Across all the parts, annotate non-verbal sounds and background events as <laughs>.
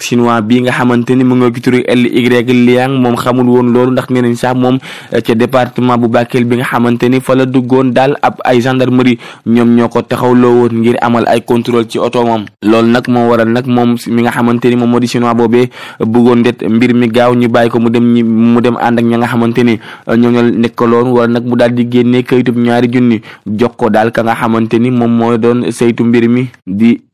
ak chinois bi nga xamante ni mu nga ci turu Ly Liang moom xamul woon loolu ndax nee nañ sax moom eh, ca département bu Bakel bi nga xamante ni fa duggoon daal ab ay gendarmerie ñoom ñoo ko taxawloo woon ngir amal ay contrôle ci oto moom loolu nag moo waral nag moom mi nga xamante ni moom moo di chinois boobee bëggoon det mbir mi gaaw ñu bàyyi ko mu dem ñi mu dem ànd ak ña nga xamante ni eh, ñoom ñoo nekkaloon wala nag mu daal di génnee kayitub ñaari junni jokko daal ka nga xamante moom moo doon saytu mbir mi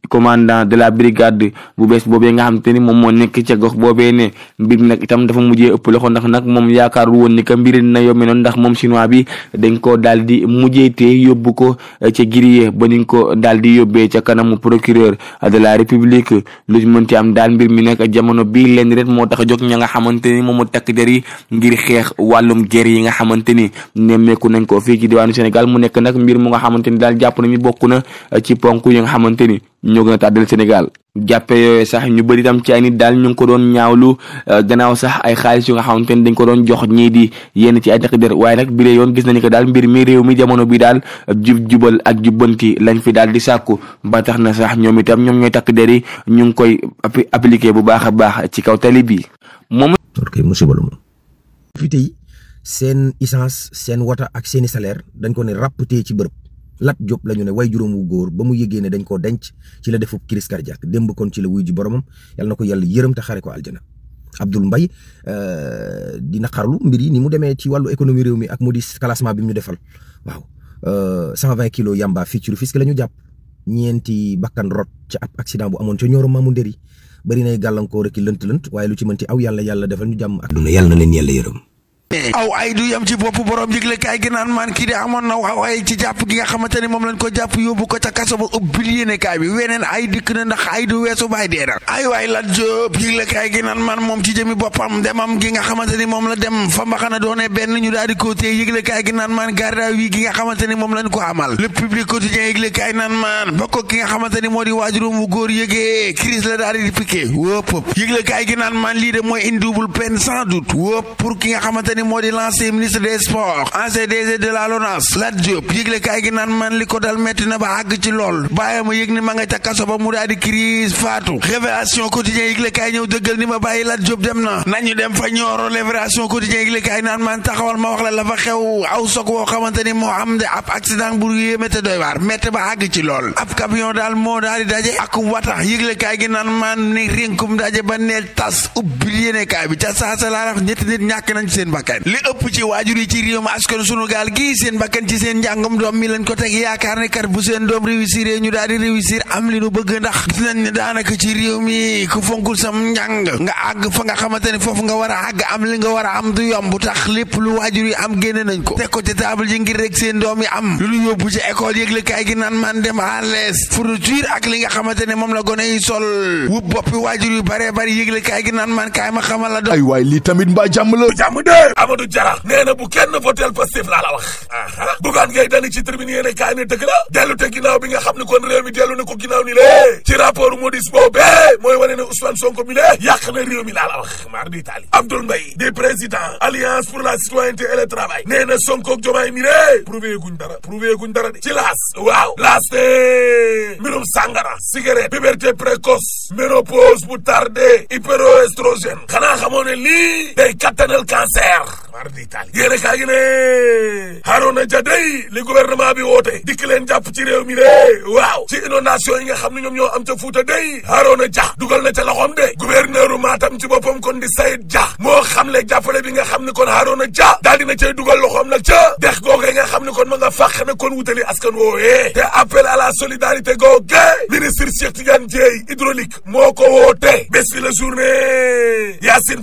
commandant de la brigade bu bees boobee nga xam ni moom moo nekk ca gox boobee ne mbir nag itam dafa mujjee ëpp loxo ndax nag moom yaakaar woon ni ka mbiri dina yombe noonu ndax moom chinois bi dañ ko daal di mujjee te yóbbu ko ca grillé ba niñ ko daal di yóbbee ca kanamu procureur de la république lu mën ci am daal mbir mi nekk jamono bii leen ret moo tax jóg ña nga xamante ni moom mu takk der yi ngir xeex wàllum guerre yi nga xamante ni nemmeeku nañ ko fii ci diwaanu Sénégal mu nekk nag mbir mu nga xamante ni daal jàpp nañu bokk na ci ponk yi nga xamante ni ñoo gën a tàddal Sénégal jàppe yooyu sax ñu bëri itam ci ay nit daal ñu ngi ko doon ñaawlu euh, gannaaw sax ay xaalis yu nga xamante ni dañ ko doon jox ñii di yenn ci ay takk der waaye nag bile yoon gis nañu ko daal mbir mi réew mi jamono bi daal jub jubal ak jubbanti lañ fi daal di sàkku ba na sax ñoom itam ñoom ñooy takk der yi ñu ngi koy appliqué bu baax a baax ci kaw tali bi moom. ok musiba la seen issance seen wata ak seeni salaire dañ ko ne ràpp tey ci bërëb. Lat Diop la ñu ne way juróom wu góor ba mu yëgee ne dañ koo denc ci la defub crise cardiaque démb kon ci la wuy ji boromam yàlla na ko yàlla yërëm te xare ko aljana Abdoul mbay euh, di naqarlu mbir yi ni mu demee ci wàllu économie réew mi ak mu di classement bi mu ñu defal waaw 120 euh, kilo yamba fii ci Rufisque la ñu jàpp ñeenti bakkan rot ci ab accident bu amoon ca Nioro Mamou Ndéri bari nay gàllankoor rek lënt-lënt waaye lu ci mënti aw yàlla yàlla defal ñu jàmm a duna aw ay du yam ci bopp borom yëglekaay gi naan maan kii di amoon na waaw ay ci jàpp gi nga xamante moom lañ ko jàpp yóbbu ko ca kaso ba ubbil yéenekaay bi weneen ay dikk na ndax ay du weesu baay dee dal ay waay la jóob yëglekaay gi naan maan moom ci jëmi boppam demam gi nga xamante ni moom la dem fa mbaxana doone benn ñu daal di ko téye yëglekaay gi naan maan garda wi gi nga xamante moom lañ ko amal le public quotidien yëglekaay naan maan bokk ki nga xamante moo di waajuróom wu góor yëgee crise la daal di piqué wóop yëglekaay gi naan ni moo di l'ancien ministre des sports ancien DG de la LONASE Lat Diop yëglekaay gi naan man li ko dal metti na ba àgg ci lool bàyyi ma yëg ni ma nga ca kaso ba mu daal di crise faatu révélation quotidien yëglekaay ñëw dëggal ni ma bàyyi Lat Diop dem na nañu dem fa ñooro révélation quotidien yëglekaay naan man taxawal ma wax la la fa xew aw soog woo xamante ni moo am de ab accident bu yéeme te doy waar metti ba àgg ci lool ab camion daal moo daal di daje ak wata yëglekaay gi naan man ni rinkum daje ba neel tas ubbi yéene kaay bi ca saasa laa ñetti nit ñàkk nañ seen bakk bakkan li ëpp ci waajur yi ci réew ma askan sunu gaal gi seen bakkan ci seen njàngum doom mi lañ ko teg yaakaar ne kat bu seen doom réussir ñu daal di réussir am li nu bëgg ndax gis nañ daanaka ci réew mi ku fonkul sam njàng nga àgg fa nga xamante ne foofu nga war a àgg am li nga war a am du yomb tax lépp lu waajur yi am génne nañ ko teg ko ci table ji ngir rek seen doom yi am lu ñu yóbbu ci école yëgle kaay gi naan man dem à l'aise fourniture ak li nga xamante ne moom la gone yi sol wu boppi waajur yu bare bari yëgle kaay gi naan man kaay ma xamal la ay waay lii tamit Amadou Diarra nee bu kenn votel Pastef laa la wax aa Bougane Gueye ci tribune yéene kaay la dellu te ginnaaw bi nga xam ne kon réew mi dellu na ko ginnaaw ni lée oh. ci rapport Modis boobu mooy wane ne Ousmane Sonko mi lée yàq na réew mi laa la wax mar di taali Abdoul Mbaye di président alliance pour la citoyenneté et le travail nee Sonko ak Diomaye mi lée guñ dara prouvé ci laas waaw laas te mbirum sàngara cigarette puberté précoce ménopause bu tardé hyperoestrogène wax mar di ja yéene day li gouvernement bi woote dikk leen jàpp ci réew mi de waaw ci inondation yi nga xam ne ñoom ñoo am ca Fuuta day Harouna Dia dugal na ca loxoom de gouverneur Matam ci boppam kon di Sayid Dia moo xam le jàppale bi nga xam ne kon Harouna Dia daal dina cay dugal loxoom nag ca dex googe nga xam ne kon ma nga fàq na kon wutali askan woowee te appel à la solidarité googe ministre Cheikh Tidiane Dieye hydraulique moo ko woote bés fi la journée Yacine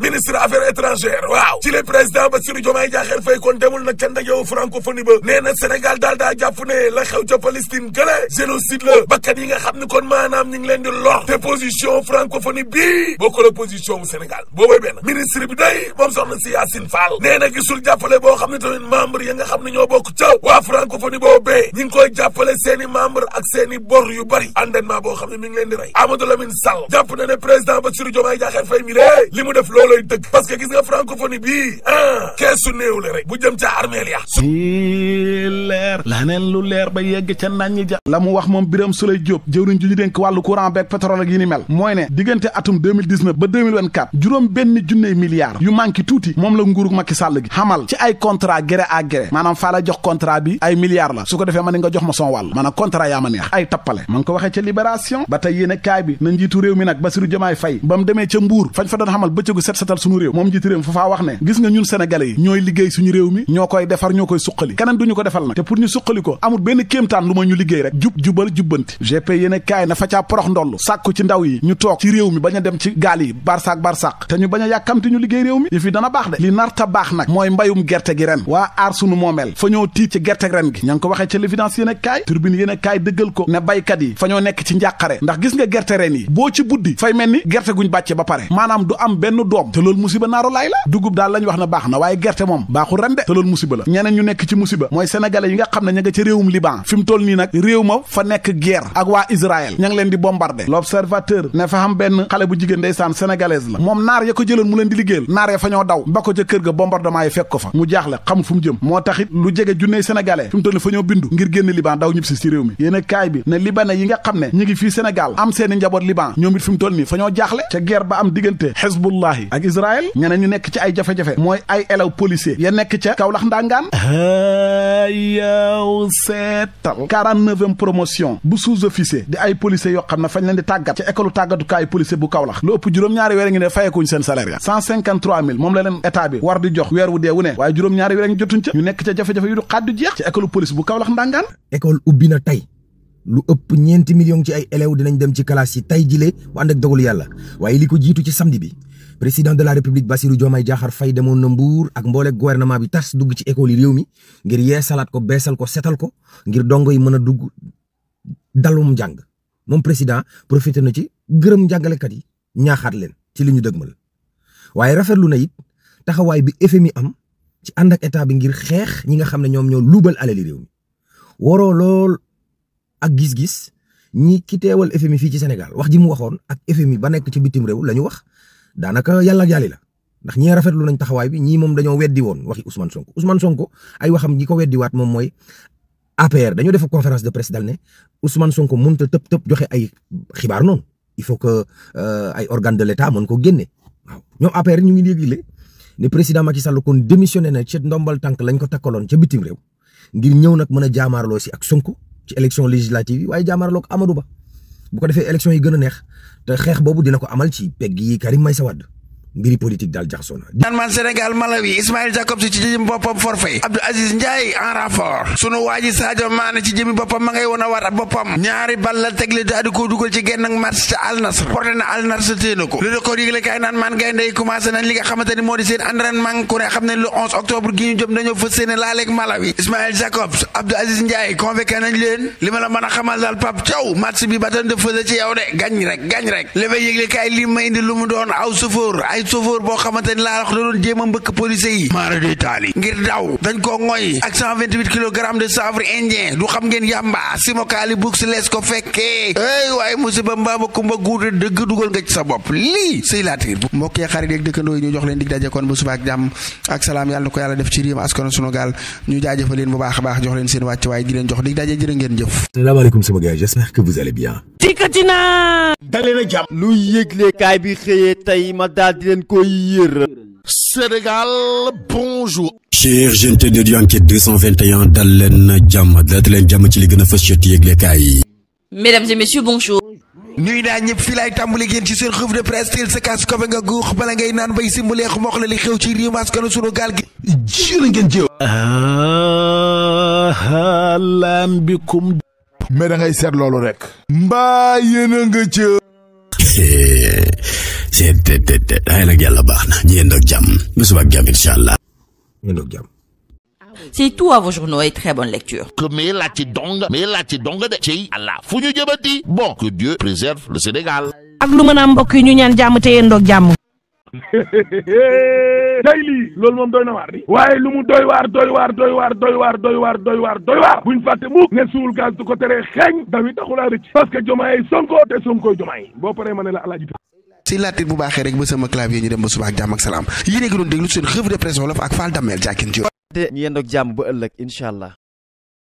ministre affaires étrangères waaw ci le président Bassirou Diomaye Diakhar Faye kon demul nag ca ndajewu francophonie ba nee na Sénégal daal daa jàpp la xew ca Palestine gële génocide la bakkan yi nga xam ne kon maanaam ñu ngi lor te position francophonie bii bokkul ak position bu Sénégal boobay benn ministre bi day moom soxna si Yacine Fall nee gisul jàppale boo xam ne tamit membre ya nga xam ne ñoo bokk ca waa francophonie boobee ñu ngi koy jàppale seeni membre ak seeni bor yu bari endettement boo francophonie bii ah keesu la rek bu jëm ca yi ne diggante atum 2019 ba 2024 juróom benn junney milliards jox contrat bi ay milliards la su ko defee ma ne nga jox ma son wàll maanaam contrat yaa ma neex ay tappale ma ko waxee ca libération ba tey yéene kaay bi na njiitu réew mi nag Bassirou Diomaye Faye ba mu demee ca Mbuur fañ fa doon xamal bëccëgu set setal sunu réew moom njiitu réew fa faa wax ne gis nga ñun sénégalais yi ñooy liggéey suñu réew mi ñoo koy defar ñoo koy suqali keneen duñu ko defal nag te pour ñu suqali ko amul benn kéemtaan lu ma ñu liggéey rek jub jubal jubbanti gp yéen kaay na fa caa porox ndoll sàkku ci ndaw yi ñu toog ci réew mi bañ a dem ci gaal yi barsaak barsaak te ñu bañ a yàkkamti ñu liggéey réew mi yëf yi dana baax de li narta baax na mooy mbayum gerte gi ren waa aar sunu moomeel fa ñoo tiit ci gerte ren gi ña ngi ko waxee ci l'évidence yéen kaay turbine yéen kaay ko ne baykat yi fa ñoo nekk ci njàqare ndax gis nga gerte ren yi boo ci buddi fay mel ni gerte guñ bàcce ba pare maanaam du am benn doom te loolu musiba naaro laay la dugub daal lañ wax na baax na waaye gerte moom baaxul ren de te loolu musiba la ñeneen ñu nekk ci musiba mooy sénégalais yi nga xam ne ña nga ca réewum liban fi mu nii nag réew ma fa nekk guerre ak waa Israël ba ko ca kër ga bombardement yi fekk ko fa mu jaaxle xamul fu mu jëm moo taxit lu jege junney sénégalais fi mu toll nii fa ñoo bindu ngir génn liban daw ne libanais yi nga xam ne ñi ngi fii sénégal am seeni njaboot ñeneen ñu nekk ci ay ay jafe-jafe mooy ay elaw policier ya nekk ca Kaolack ndangaan yow seetal quarante-neuvième promotion bu sous-officier di ay policier yoo xam ne fañ leen di tàggat ci école tàggatukaay policier bu Kaolack lu ëpp juróom-ñaari weer ngi ne fayekuñ seen salaire ya cent cinquante-trois mille moom la leen état bi war di jox weer wu dee wu ne waaye juróom-ñaari weer jotuñ ca ñu nekk ca jafe-jafe yu du xaddu jeex ci école police bu Kaolack ndangaan école ubbi na tey lu ëpp ñeenti million ci ay élèves dinañ dem ci classe yi tey jile bu ànd ak yàlla waaye li ko jiitu ci samedi bi président de la république Bassirou Diomaye Diakhar Faye demoon na Mbour ak mboole gouvernement bi tas dugg ci école yi réew mi ngir yeesalaat ko beesal ko setal ko ngir dongo yi mën a dugg dalum njàng moom président profité na ci gërëm njàngalekat yi ñaaxaat leen ci li ñu dëgmal waaye rafetlu na it taxawaay bi FMI am ci ànd ak état bi ngir xeex ñi nga xam ne ñoom ñoo luubal alali réew mi waroo lool ak gis-gis ñi ki teewal FMI fii ci Sénégal wax ji mu waxoon ak FMI ba nekk ci bitim réew la ñu wax daanaka yàlla ak yàlli la ndax ñee rafetlu nañ taxawaay bi ñii moom dañoo weddi woon waxi Ousmane Sonko Ousmane Sonko ay waxam ñi ko weddiwaat moom mooy APR dañoo def conférence de presse dal ne Ousmane Sonko mënut a tëb tëb joxe ay xibaar noonu il faut que euh, ay organe de l'État mën ko génne waaw ñoom APR ñu ngi yëgle ne président Macky Sall kon démissionné na ci ndombal tànk lañ ko takkaloon ca bitim réew ngir ñëw nag mën a jaamaarloo si ak Sonko ci élection législative yi waaye jaamaarloo ak Ba bu ko defee élection yi gën a neex te xeex boobu dina ko amal ci pegg yi Karim Meïssa Wade mbiri politique daal jaxasoo na daan man Sénégal Malawi Ismail Jacob si Aziz Ndiaye en renfort sunu waa ji Sadio ci jëmi boppam ma ngay woon a war ab boppam ñaari bal tegle daal ko dugal ci genn ak ca Al Nassr na Al Nassr téena ko le record yëgle kaay naan maan gaynde yi commencé nañ li nga seen entraînement ku ne xam ne le octobre gi ñu jëm dañoo laaleeg Malawi Ismail Jacob Abdou Aziz Ndiaye convoqué nañ leen li ma la a xamal daal Pape Thiaw ay boo xamante laa wax da doon jéem a mbëkk policiers yi maara day taali ngir daw dañ ko ngoy ak 128 kilogramme de chanvre indien du xam ngeen yàmba simokaali bug si lees ko fekkee waaye musiba mbaama kumba guude dëgg dugal nga ci sa bopp lii sëy laatiir bu mbokkee xarit yeeg dëkkandoo yi ñu jox leen dig kon bu suba jàmm ak salaam yàlla na ko yàlla def ci réew askan sunu gaal ñu jaajëfal bu baax a baax jox leen seen wàcc waaye leen koy yër Sénégal bonjour cher gente de di enquête 221 dal leen jàmm dal leen jàmm ci li gën a fës ci yëglekaay yi mesdames et messieurs bonjour nuy naa ñëpp fii laay tàmbali génn ci seen revue de presse teel sa kaas kofe nga guux bala ngay naan bay simbuleex mox la li xew ci réew maskanu sunu gaal gi jërë ngeen jëw halaan bikum mais da ngay seet loolu rek mbaa yéen nga ca <laughs> seen te te te ay nag yàlla baax na ñu yendoog jàmm ba suba ak jàmm incha allah ñu yendoog jàmm C'est tout à vos journaux et très bonne lecture. Que mais la ci dong mais la ci dong de ci Allah fu ñu jëbati bon que Dieu préserve le Sénégal ak lu mën a am mbokk yi ñu ñaan jàmm te yendoog jàmm day <laughs> lii loolu moom doy na waar di waaye lu mu doy waar doy waar doy waar doy waar doy waar doy waar doy waar buñ fàtte mukk ne suul gaz du ko tere xeeñ dawi taxulaa rëcc parce que jomaay Sonko te Sonko jomaay boo paree ma ne la alaaji si laatir bu baaxee rek ba sama clavier ñu dem ba suba ak salaam yéen a doon déglu seen revue de presse wolof ak Fall Damel Diakine Diop. ñu yendoog jàmm ba ëllëg incha